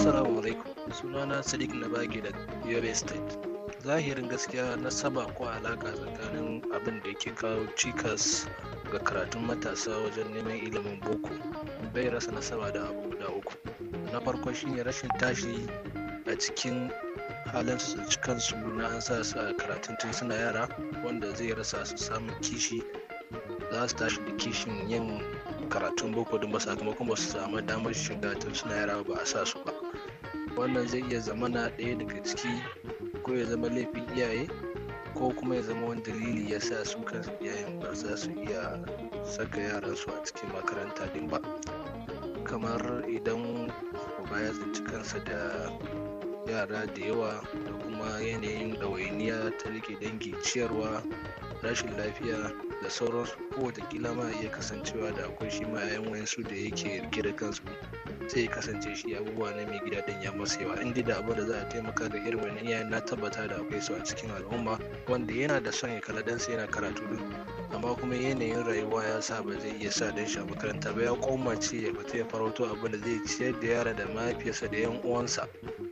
Assalamu alaikum sunana Sadiq Nabagi da Yobe State. Zahirin gaskiya na saba ko alaka tsakanin abin da ke kawo cikas ga karatun matasa wajen neman ilimin boko bai rasa nasaba da abu guda uku. Na farko shine rashin tashi a cikin halin su kansu na an sa su a karatun tun suna yara wanda zai rasa su samun kishi za su tashi da kishin yin karatun boko don ba sakamakon ba su samu damar shiga tun suna yara ba a sa su ba wannan zai iya zama na ɗaya daga ciki ko ya zama laifin iyaye ko kuma ya zama wani dalili ya sa su kansu iyayen ba za su iya saka yaransu a cikin makaranta din ba kamar idan uba ya tsinci kansa da yara da yawa da kuma yanayin ɗawainiya ta rike dangi ciyarwa rashin lafiya da sauran kowace kila ma iya kasancewa da akwai shi ma yayan wayansu da yake rike da kansu sai kasance shi abubuwa na mai gida don ya masa yawa in da abu da za a taimaka ga irin wannan yayan na tabbata da akwai su a cikin al'umma wanda yana da son ya kala dansa yana karatu din amma kuma yanayin rayuwa ya sa ba zai iya sa dan shi a makaranta ba ya koma ce ya fita ya farauto abin da zai ciyar da yara da mahaifiyarsa da yan uwansa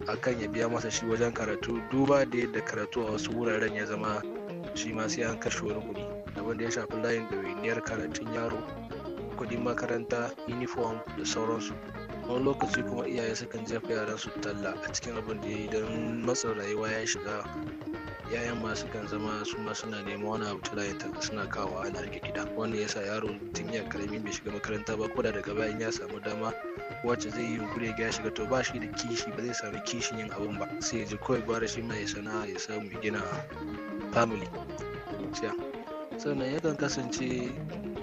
akan ya biya masa shi wajen karatu duba da yadda karatu a wasu wuraren ya zama shi ma sai an kashe wani kuɗi abin da ya shafi layin ɗawainiyar karatun yaro kuɗin makaranta uniform da sauransu wani lokaci kuma iyaye sukan jefa yaran su talla a cikin abin da ya yi don matsin rayuwa ya shiga yayan ma sukan zama su ma suna neman wani abu tala ya suna kawo wahala ga gida ya sa yaro tun ya karami bai shiga makaranta ba ko da daga bayan ya samu dama wacce zai yi ga ya shiga to ba shi da kishi ba zai sami kishin yin abin ba sai ya ji kawai gwara shi ma ya sana'a ya samu gina family sannan yakan kasance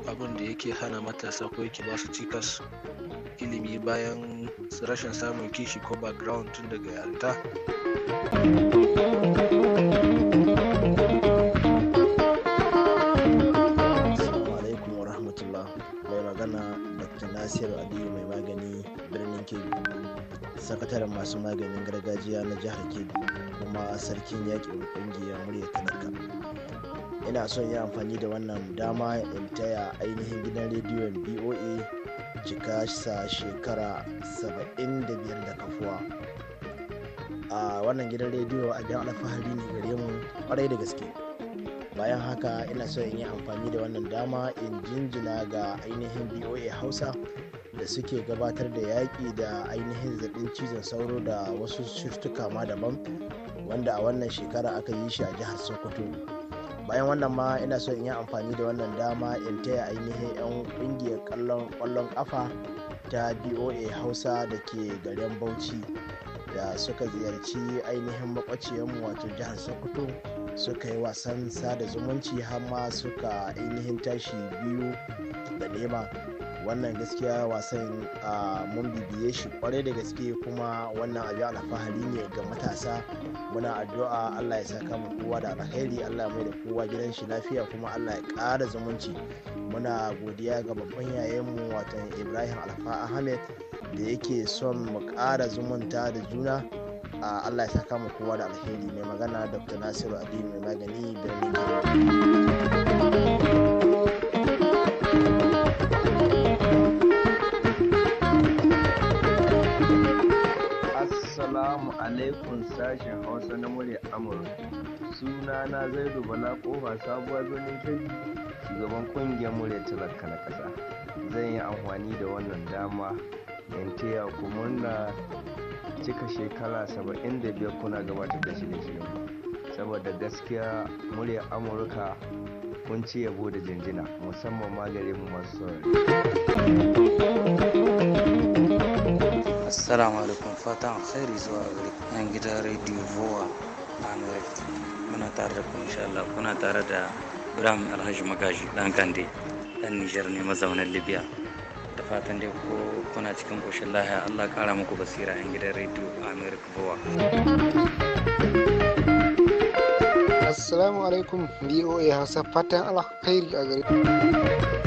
abin da yake hana matasa ko yake basu cikas ilimi bayan rashin samun kishi ko background tun daga yarta alaikum wa dr nasiru aliyu mai magani birnin kebbi sakataren masu maganin gargajiya na jihar kebbi kuma sarkin yakin ƙungiyar murya talaka ina son yi amfani da wannan dama in taya ainihin gidan rediyon boa cika sa shekara 75 da kafuwa a wannan gidan rediyo a jan alfahari ne gare mu kwarai da gaske bayan haka ina so in yi amfani da wannan dama in jinjina ga ainihin boa hausa da suke gabatar da yaƙi da ainihin zaɓin cizon sauro da wasu cututtuka ma daban wanda a wannan shekara aka yi shi a jihar sokoto bayan wannan ma ina so in yi amfani da wannan dama in taya ainihin 'yan ƙungiyar ƙwallon ƙafa ta boa hausa da ke garin bauchi da suka ziyarci ainihin makwaciyarmu wato jihar sokoto suka yi wasan sada zumunci har ma suka ainihin tashi biyu da nema wannan gaskiya wasan mun bibiye shi kwarai da gaske kuma wannan abin alfahari ne ga matasa muna addu'a allah ya saka mu kowa da alkhairi allah mai da kowa gidan shi lafiya kuma allah ya ƙara zumunci muna godiya ga babban mu watan ibrahim alfa ahmed da yake son mu ƙara zumunta da juna Allah ya saka mu kowa da alheri mai magana Dr. Nasiru Adi mai magani Assalamu alaikum sashen Hausa na murya Amurka. Suna na Zaidu Bala Kofa sabuwar birnin kai shugaban kungiyar murya talaka na kasa Zan yi amfani da wannan dama in taya ku cika shekara 75 kuna gabatar da shirye-shiryen saboda gaskiya murya amurka kun ci yabo da jinjina musamman ma gare mu masu saurari assalamu alaikum fatan khairi zuwa gare nan gida radio voa amurka muna tare da ku insha Allah kuna tare da Ibrahim Alhaji Magaji dan Kande dan Nijar ne mazaunin Libya da fatan dai ko kuna cikin koshin lahiya allah kara muku basira yan gidan rediyo america bowa assalamu alaikum voa hausa fatan kairi a gari.